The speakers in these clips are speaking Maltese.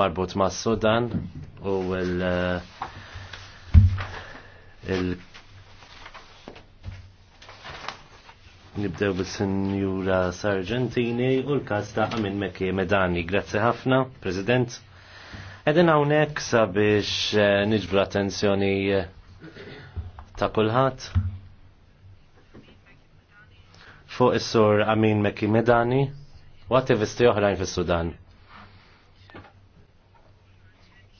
marbut ma' Sudan u il- uh, il- nibdew bis-Sinjura Sargentini u l-kas ta' Amin Mekki Medani. Grazzi ħafna, President. Edin hawnhekk sabiex uh, niġbru attenzjoni uh, ta' kulħadd fuq is-sur Amin Mekki Medani u attivisti oħrajn fis-Sudan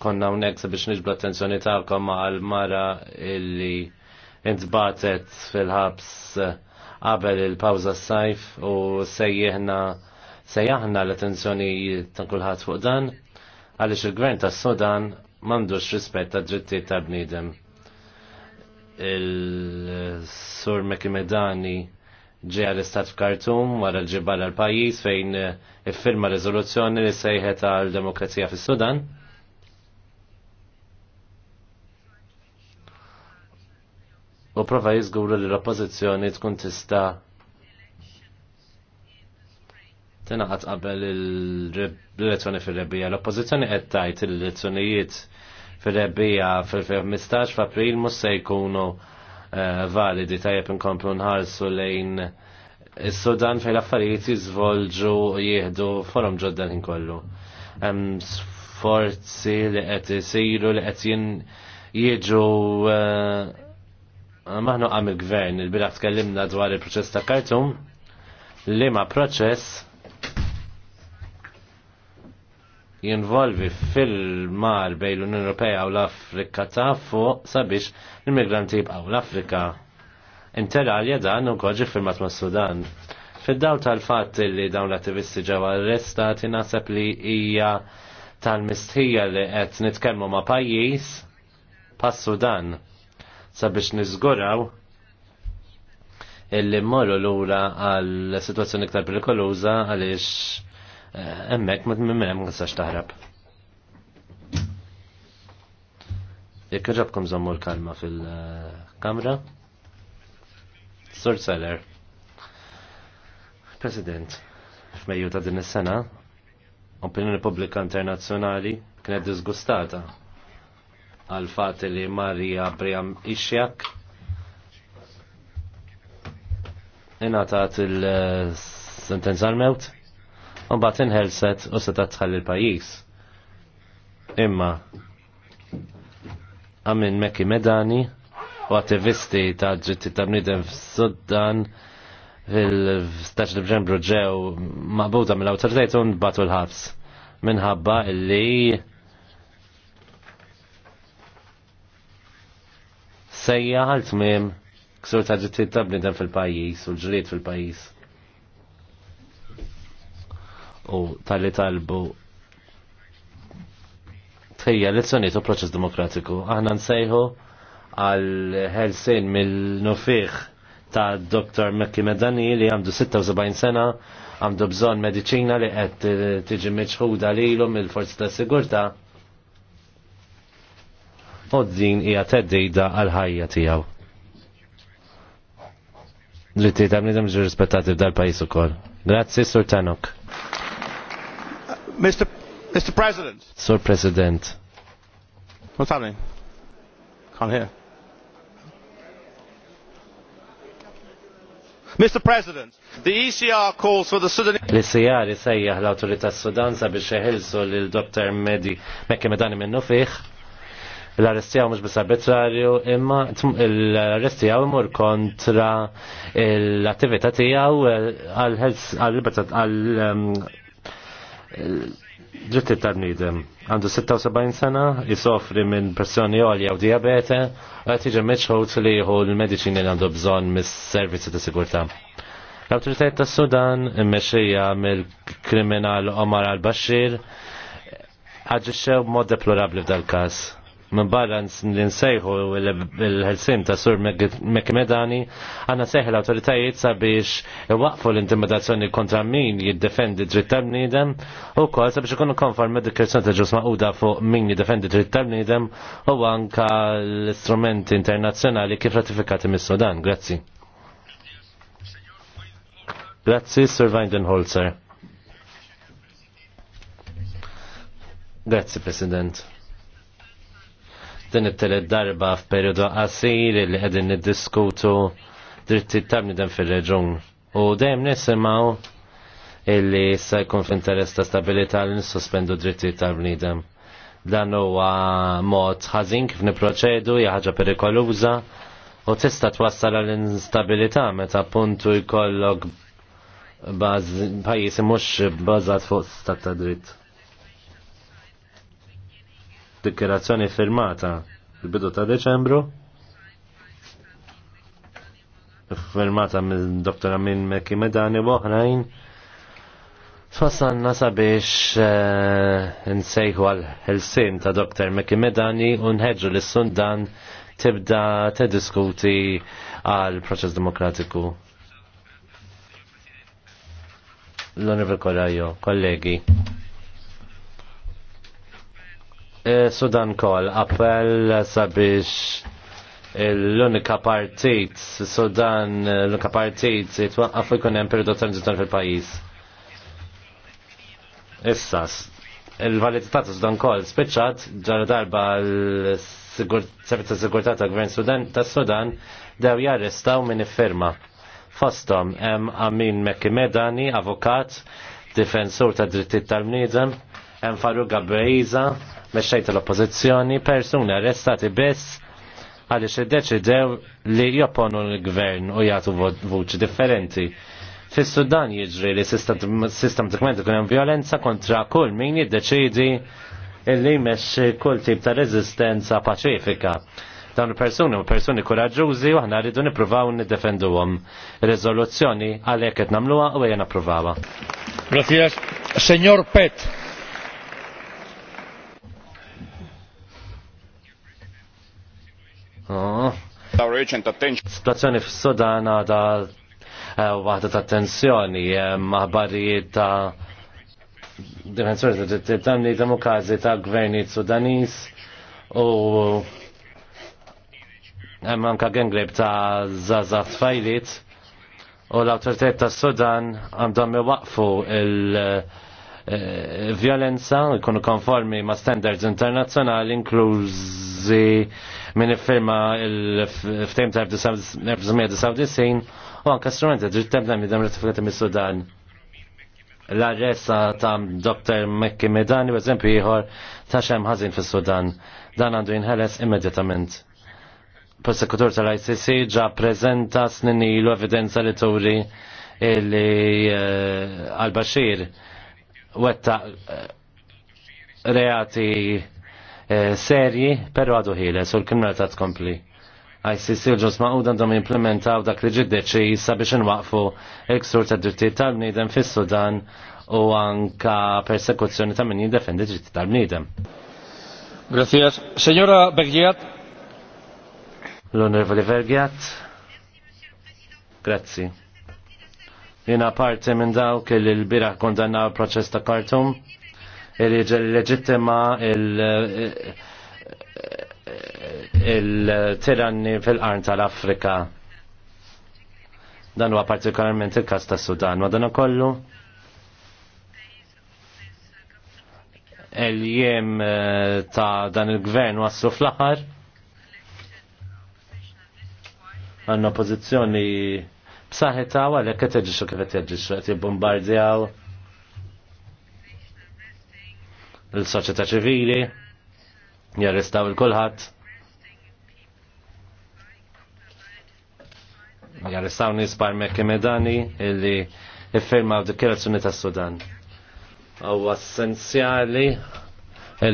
konna unnek biex nġblu attenzjoni ta'kom għal mara illi intbatet fil-ħabs qabel il-pawza s-sajf u sejjihna sejjaħna l-attenzjoni ta' kulħadd fuq dan għaliex il-gvern tas sudan m'għandux rispett ta' drittijiet ta' bniedem. Il-sur Mekimedani ġie l-istat f'Kartum wara l ġibbar għal pajjiż fejn iffirma riżoluzzjoni li sejħet għal demokrazija fis-Sudan u prova jizgur li l-oppozizjoni tkun tista tinaqat qabel l-elezzjoni fil rebija L-oppozizjoni qed tajt l-elezzjonijiet fil rebija fil-15 f'April mhux se jkunu eh, validi tajjeb inkomplu nħarsu lejn is-Sudan fejn l-affarijiet jiżvolġu jieħdu forum ġodda ħin kollu. Hemm sforzi li qed isiru li qed jiġu maħna għam il-gvern, il-bilax tkellimna dwar il-proċess ta' kartum, li ma' proċess jinvolvi fil-mar bej l-Unjoni Ewropea u l-Afrika ta' fuq sabiex l-immigranti jibqaw l-Afrika. Interalja dan u koġi firmat ma' Sudan. Fid-daw tal fat li dawn l-attivisti ġew arrestati naħseb li hija tal-mistħija li qed nitkellmu ma' pajjiż pas Sudan sabiex nizguraw illi morru l-ura għal situazzjoni iktar perikoluża għaliex eh, emmek ma t-mimem nistax taħrab. Jekk ġabkom zommu l-kalma fil-kamra. Sur Seller. President, f'Mejju ta' din is-sena, opinjoni pubblika internazzjonali kienet disgustata għal fat li Marija Briam Ixjak inatat il-sentenza għal-mewt Unbat inħelset u seta tħalli l-pajis. Imma għamin Mekki Medani u attivisti ta' ġitti ta' bnidem f'Suddan fil li bġembru ġew maqbuda mill-autoritajt un batu l-ħabs minħabba illi sejja għal tmim ksur ta' ġittijiet ta' bnidem fil-pajis u ġriet fil-pajis. U tal-li talbu tħija lezzjoniet u proċess demokratiku. Aħna nsejħu għal ħelsin mill-nufiħ ta' Dr. Mekki Medani li għandu 76 sena għandu bżon medicina li għed tiġi meċħuda li l-um il-forzi ta' sigurta' Oddin din hija teddida għal ħajja tiegħu. Li tiegħda bniedem ġi rispettati f'dal pajjiż ukoll. Grazzi, Sur Tanok. Mr. Mr. President. Sur President. What's happening? Can't hear. Mr. President, the ECR calls for the Sudanese... L-ECR jisejjaħ l-autorità Sudan sabiex jeħilsu l-Dr. Medi Mekki Medani minnu fiħ l-arrestijaw mux bis arbitrarju imma l-arrestijaw imur kontra l-attività tijaw għal-ġitti ehm, tal-nidem. Għandu 76 sena, jisofri minn pressjoni għolja u diabete, għat iġa meċħut li jħu l-medicini li għandu bżon mis-servizzi ta' sigurta. L-autoritajt ta' Sudan, meċxija mill-kriminal Omar al-Bashir, ħagġiċew mod deplorabli f'dal-kas minn barra li nsejħu l-ħelsim ta' Sur Mekmedani għanna seħ l-autoritajiet sabiex waqfu l-intimidazzjoni kontra min jiddefendi dritt tal-bniedem u kol sabiex ikunu konform dik-krezzjoni ta' ġus maquda fuq min jiddefendi dritt tal-bniedem u anka l-istrumenti internazzjonali kif ratifikati mis-Sudan. Grazzi. Grazzi, Sir Weidenholzer. Grazzi, President din it-telet darba f'periodu qasir li qegħdin niddiskutu dritti ta' bniedem fir-reġun. U dejjem nisimgħu illi se jkun f'interess ta' stabilità li nissospendu dritti tal-bniedem. Dan huwa mod ħażin kif niproċedu hija ħaġa perikoluża u tista' twassal għall instabilità meta puntu jkollok pajjiż mhux bbażat fuq stat ta' dritt dikjerazzjoni firmata il-bidu ta' Deċembru firmata minn Dr. Amin Mekki Medani u oħrajn Fasanna sabiex eh, nsejħu għal-ħelsin ta' Dr. Mekki Medani u nħedġu l-Sundan tibda diskuti għal proċess demokratiku. L-Onorevole Korajo, kollegi. Eh, Sudan kol, appell sabiex l-unika partit Sudan, eh, l-unika partit jitwaqqaf jkun hemm periodu tranzitan fil-pajjiż. Issa, il-validità ta' Sudan kol spiċċat ġara darba l-Servizz Sigurtà ta' Gvern Sudan ta' Sudan dew jarrestaw min ifferma. Fostom hemm Amin Mekki Medani, avukat, difensur ta' drittijiet tal-bniedem, hemm Farruga Breiza, meċċajt l-oppozizjoni, persuni arrestati biss għaliex iddeċidew li jopponu l-gvern u jagħtu vuċi differenti. Fis-Sudan jiġri li sistematikament ikun hemm violenza kontra kull min jiddeċidi illi jmexxi kull tip ta' reżistenza paċifika dawn il-persuni u persuni kuraġużi u ħna rridu nippruvaw niddefenduhom. Riżoluzzjoni għalhekk qed nagħmluha u ejja nappruvawa. Grazie, Senjor Pet. Situazzjoni f sudan għada għada eh, ta' tensjoni, eh, maħbarijiet ta' dimensjoni ta' tamni demokrazi ta' gvernijiet Sudanis u għemman eh, ka' gengrib ta' zazat fajlit u l autoritet ta' Sudan għandhom waqfu il- Eh, violenza jkunu konformi ma' standards internazzjonali inklużi minn firma il-ftejm ta' 1999 u anka strumenti dritt templem jidem ratifikati mis sudan L-arresta ta' Dr. Mekki Medani, per eżempju ieħor ta' xem ħażin fis-Sudan. Dan għandu jinħeles immedjatament prosekutur tal-ICC ġa prezenta snin ilu evidenza li turi li għal-Bashir eh, wetta eh, reati eh, serji, pero għadu sul u l-kriminalità tkompli. ICC il-ġus maqud għandhom implementaw dak li ġiddeċi jissa biex nwaqfu ekstur ta' dirti tal-bniedem fis-Sudan u anka persekuzzjoni ta' min jiddefendi dirti tal-bniedem. Grazie. Signora Bergiat. L-Onorevole Bergiat. Grazie. Jina parti minn dawk li l-biraħ kondanna proċess ta' Kartum, il leġittima il-tiranni fil-qarn tal-Afrika. Dan huwa partikolarment il-kas ta' Sudan, ma dan kollu il-jem eh, ta' dan il-gvern waslu fl-aħħar għanna pozizjoni b'saħħitha u għalhekk qed jaġixxu kif qed jaġixxu qed jibbombardjaw il-soċjetà ċivili, jarrestaw il-kulħadd. Jarrestaw nies parmek Mekki Medani illi iffirmaw dikjerazzjoni tas-Sudan. Huwa essenzjali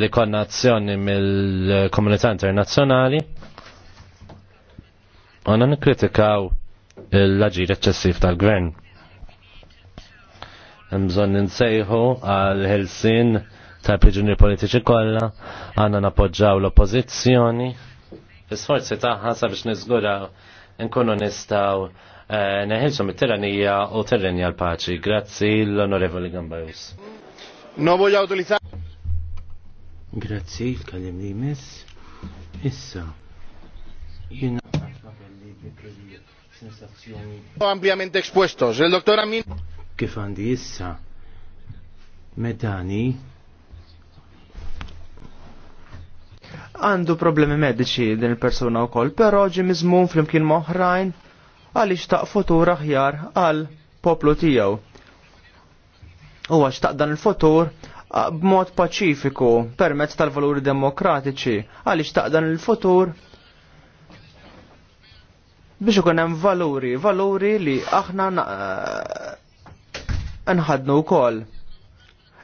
li konna azzjoni mill-komunità internazzjonali. Għanna nikritikaw l-aġir eċċessiv tal-gvern. Mżon ninsejħu għal ħelsin tal priġunieri politiċi kollha, għandna napoġġaw l-oppożizzjoni. Sforzi taħħa tagħha sabiex nizgura nkunu nistaw eh, neħilsu mit-tiranija u terrenja l-paċi. Grazzi l-Onorevoli Gambajus. Novo autorizzato. Grazzi, il-kallim li Issa, sensazzjoni. Ampliament expuestos. Il-doktor Amin. Kif għandi issa medani għandu problemi mediċi din il-persuna u koll, pero ġi mizmun fl-imkien moħrajn għalix taq futur aħjar għal poplu tijaw. U għax taq dan il-futur b'mod paċifiku permezz tal-valuri demokratiċi għalix taq dan il-futur biex ikun hemm valuri, valuri li aħna eh, nħadnu wkoll.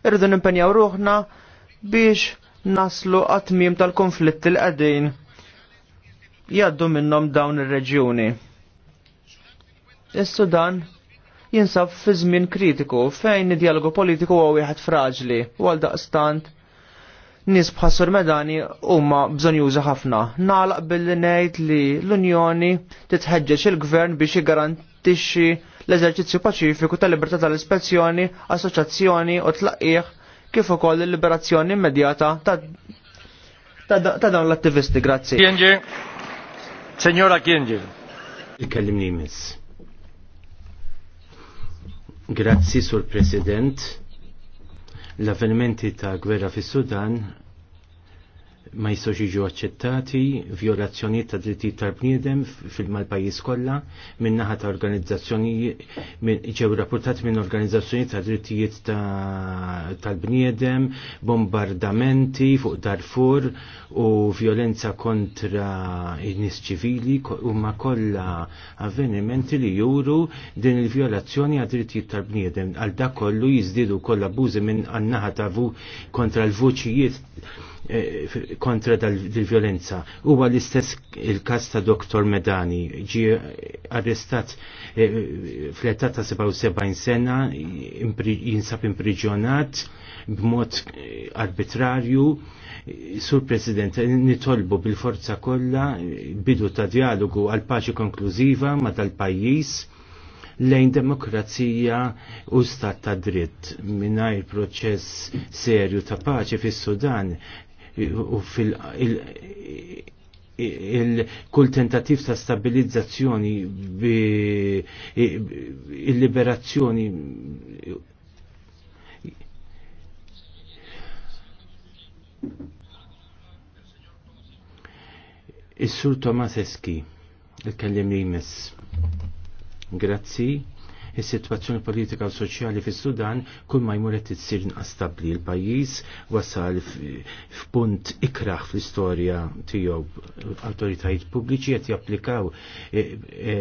Irridu nimpenjaw ruħna biex naslu għatmim tal-konflitti l qegħdin jaddu minnhom dawn ir-reġjuni. Is-Sudan jinsab fi żmien kritiku fejn id-dialogu politiku huwa wieħed fraġli u għal daqstant nis bħassur medani huma bżonjuża ħafna. Nalaq billi ngħid li l-Unjoni titħeġġeġ il-Gvern biex jiggarantixxi l-eżerċizzju paċifiku tal-libertà tal-ispezzjoni, assoċjazzjoni u tlaqqih kif ukoll il-liberazzjoni immedjata ta' dawn l-attivisti. Grazzi. Kienġi, Senjora Kienġi. Ikellimni miss. Grazzi, Sur President l-avvenimenti ta' gwerra fis-Sudan ma jistgħux jiġu aċċettati vjolazzjonijiet ta' drittijiet tal-bniedem fil-mal-pajjiż kollha minn naħa ta' organizzazzjoni ġew rapportat minn organizzazzjoni ta' drittijiet tal-bniedem, bombardamenti fuq Darfur u violenza kontra n-nies ċivili huma kollha avvenimenti li juru din il-violazzjoni għad drittijiet tal-bniedem. Għal dak kollu jiżdiedu kollha abbużi minn għannaħa ta' kontra l-vuċijiet Eh, kontra dal-violenza. Huwa l-istess il-kas ta' Dr. Medani, ġi arrestat eh, fl-età ta' 77 sena, jinsab imprigjonat b'mod eh, arbitrarju. Sur President, nitolbu bil-forza kollha bidu ta' dialogu għal paċi konklużiva ma' tal-pajjiż lejn demokrazija u stat ta' dritt minnaj proċess serju ta' paċi fis sudan u fil il-kull il tentativ ta' stabilizzazzjoni il-liberazzjoni Is-Sur Tomaseski, il-kellim li jmiss. Grazzi. Is-sitwazzjoni politika u soċjali fis-Sudan kull ma jmur qed issir stabbli l-pajjiż wasal f'punt ikraħ fl-istorja tiegħu awtoritajiet pubbliċi qed japplikaw e, e,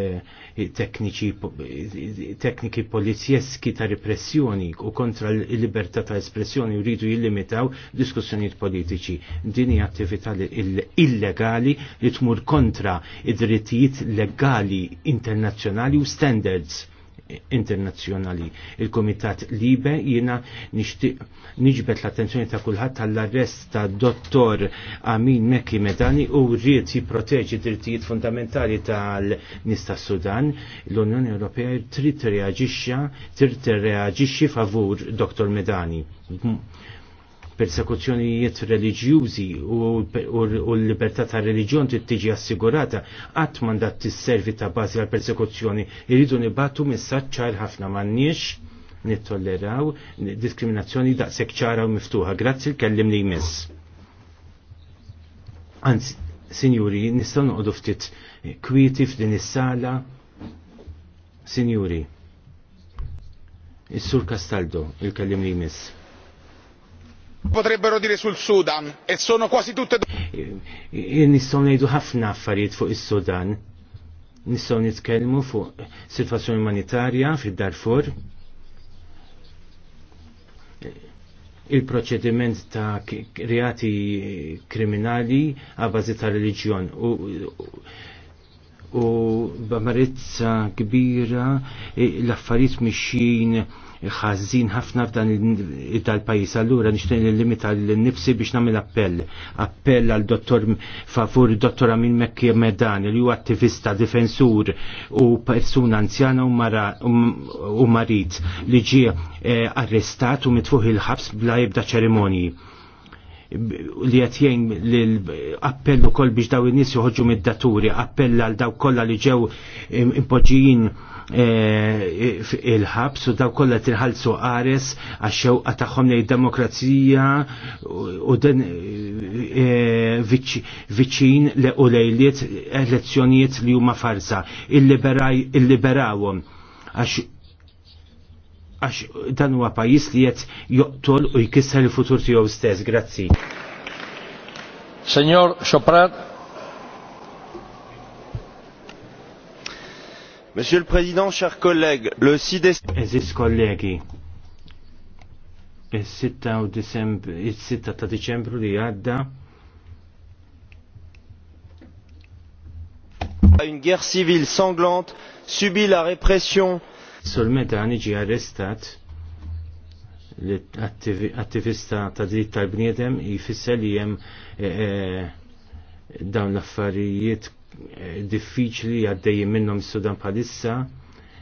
e, tekniki polizjeski ta' repressjoni u kontra l-libertà ta' espressjoni jridu jillimitaw diskussjonijiet politiċi. Dini attività illegali li tmur kontra id-drittijiet legali internazzjonali u standards internazzjonali. Il-Komitat Libe jiena niġbet l-attenzjoni ta' kulħadd tal-arrest ta' dottor Amin Mekki Medani u rrit jiproteġi drittijiet fundamentali tal nista sudan L-Unjoni Ewropea trid reaġixxa, trid reaġixxi favur dottor Medani persekuzzjonijiet reliġjużi u l-libertà ta' reliġjon trid tiġi assigurata qatt mandat tisservi ta' bażi għal persekuzzjoni irridu nibatu messaġġ ċar ħafna m'għandniex nittolleraw diskriminazzjoni daqshekk ċara u miftuħa. Grazzi l-kellim li jmiss. Anzi, sinjuri, nistgħu noqogħdu ftit kwieti f'din is-sala. Sinjuri, is-Sur Castaldo, il-kellim li jmiss. Potrebbero dire sul Sudan e sono quasi tutte e Nistgħu ngħidu ħafna affarijiet fuq is-Sudan. Nistgħu nitkellmu fuq sitwazzjoni umanitarja fid-Darfur. il-proċediment ta' reati kriminali għabazi ta' religjon u b'amarezza kbira e, l-affarijiet mixin ħażin ħafna f'dan il pajjiż Allura nixtieq nillimita l-nifsi biex nagħmel appell. Appell għal dottor favur dottor Amin Mekki Medani li huwa attivista, difensur u persuna anzjana u marit li ġie e, arrestat u mitfuħ il-ħabs bla jibda ċerimonji li qed jgħin l-appell ukoll biex daw in-nies joħorġu mid-daturi, appella għal daw kollha li ġew impoġijin eh, il-ħabs u daw kollha tilħalsu għares għax-xewqa tagħhom lejn demokrazija u den eh, viċin li u lejliet elezzjonijiet li huma farsa. il liberawom għax għax dan huwa pajjiż li qed joqtol u jkisser il-futur tiegħu stess. Grazzi. Senjor Choprat. Monsieur le Président, chers collègues, le 6 décembre... Eżis kollegi, il-6 ta' Deċembru li għadda une guerre civile sanglante subit la répression Sur meta niġi arrestat l-attivista ta' dritt tal-bniedem jfisser li jem eh, eh, dawn l-affarijiet eh, diffiċli għaddejjem minnom sudan bħalissa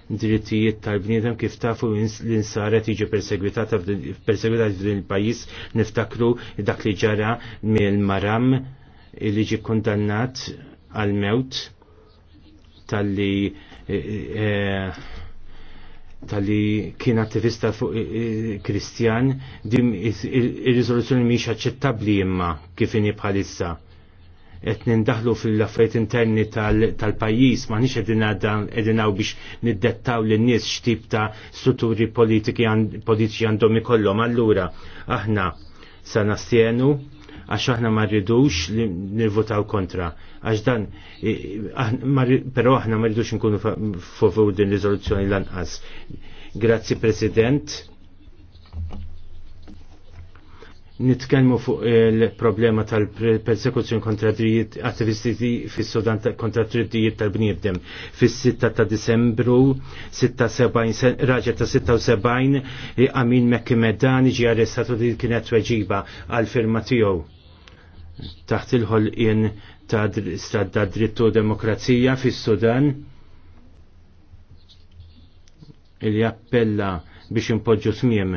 drittijiet tal-bniedem kif tafu l-insaret iġi persegwitata f'din il-pajis niftakru dak li ġara mill-maram li ġi kondannat għal-mewt tal-li tal-li kien attivista fuq Kristjan, dim il rizoluzjoni miex aċċettabli imma kif bħalissa. Qed nindaħlu fil-affarijiet interni tal-pajjiż ma nix edinaw biex niddettaw lin nies x'tip ta' strutturi politiċi għandhom ikollhom. Allura aħna sa nastienu għax aħna ma rridux li nivvotaw kontra. Għax dan, però aħna ma rridux nkunu fofu din riżoluzzjoni lanqas. Grazzi President. Nitkellmu fuq il-problema tal-persekuzzjoni kontra drijiet attivisti fis-Sudan kontra drijiet tal-bniedem. Fis-6 ta' Disembru, 76 raġel ta' 76 Amin Mekki Medani ġi arrestatu li kienet weġiba għal firma tiegħu taħt il-ħolqien ta' stadda drittu demokrazija fis sudan il appella biex impoġġu smiem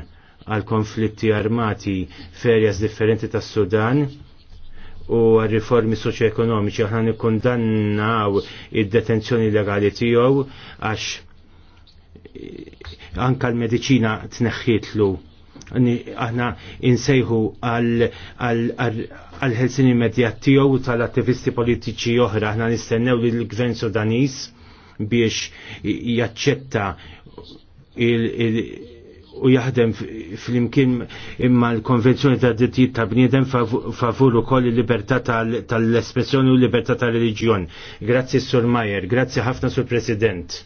għal konflitti armati ferjas differenti tas sudan u għal riformi soċjoekonomiċi aħna nikkundannaw id-detenzjoni legali tiegħu għax anka l-medicina tneħħitlu aħna insejħu għal ħelsin immedjat tiegħu tal-attivisti politiċi oħra aħna nistennew li l-Gvern Sudanis biex jaċċetta u jaħdem fl-imkien imma l-konvenzjoni ta' drittijiet ta' bniedem favur ukoll il-libertà tal-espressjoni u l-libertà tal-reliġjon. Grazzi Sur Majer, grazzi ħafna Sur President.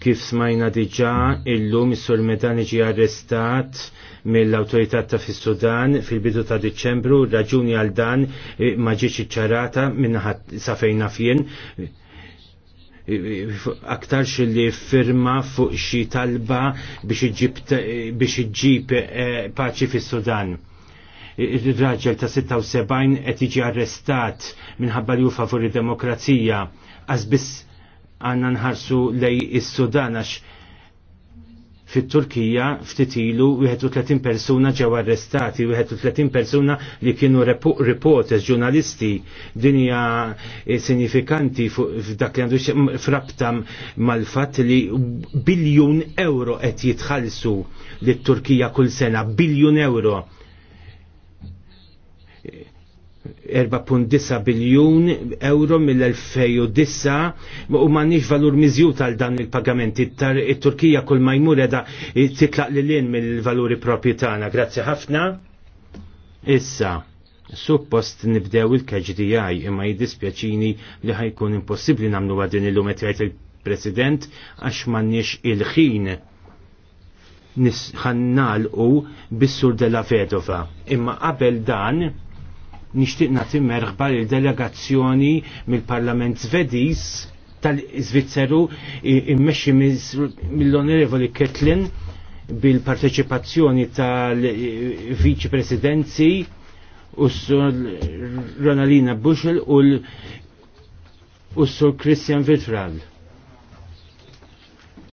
Kif smajna diġa illum is-sur Medani ġi arrestat mill-autorità ta' fis-Sudan fil-bidu ta' Diċembru, raġuni għal dan e, ma ġietx iċċarata minnaħat sa fien e, e, aktar li firma fuq xi talba biex iġib paċi fis-Sudan il-raġel ta' 76 qed jiġi arrestat minħabba li hu favori demokrazija għazbis għanna nħarsu lej is-Sudan għax fit-Turkija ftit ilu 31 persuna ġew arrestati, 31 persuna li kienu reporters, ġurnalisti, dinja eh, sinifikanti f'dak li għandu frabtam mal-fatt li biljun euro qed jitħallsu lit-Turkija kull sena, biljun euro 4.9 biljun euro mill-2009 u m'għandniex valur miżjut għal dan il-pagamenti. It-Turkija kull ma jmur edha titlaq l lin mill-valuri propri tagħna. Grazzi ħafna. Issa, suppost nibdew il-KGDI imma jiddispjaċini li ħajkun impossibbli nagħmlu għadin il qed jgħid il-President għax m'għandniex il-ħin nisħannalqu bis-sur della Vedova. Imma qabel dan nixtieq nagħti merħba il delegazzjoni mill-Parlament Svediż tal-Iżvizzeru immexxi mill-Onorevoli Ketlin bil-parteċipazzjoni tal-Viċi Presidenzi u s-sur Ronalina Bushel u s-sur Christian Vitral.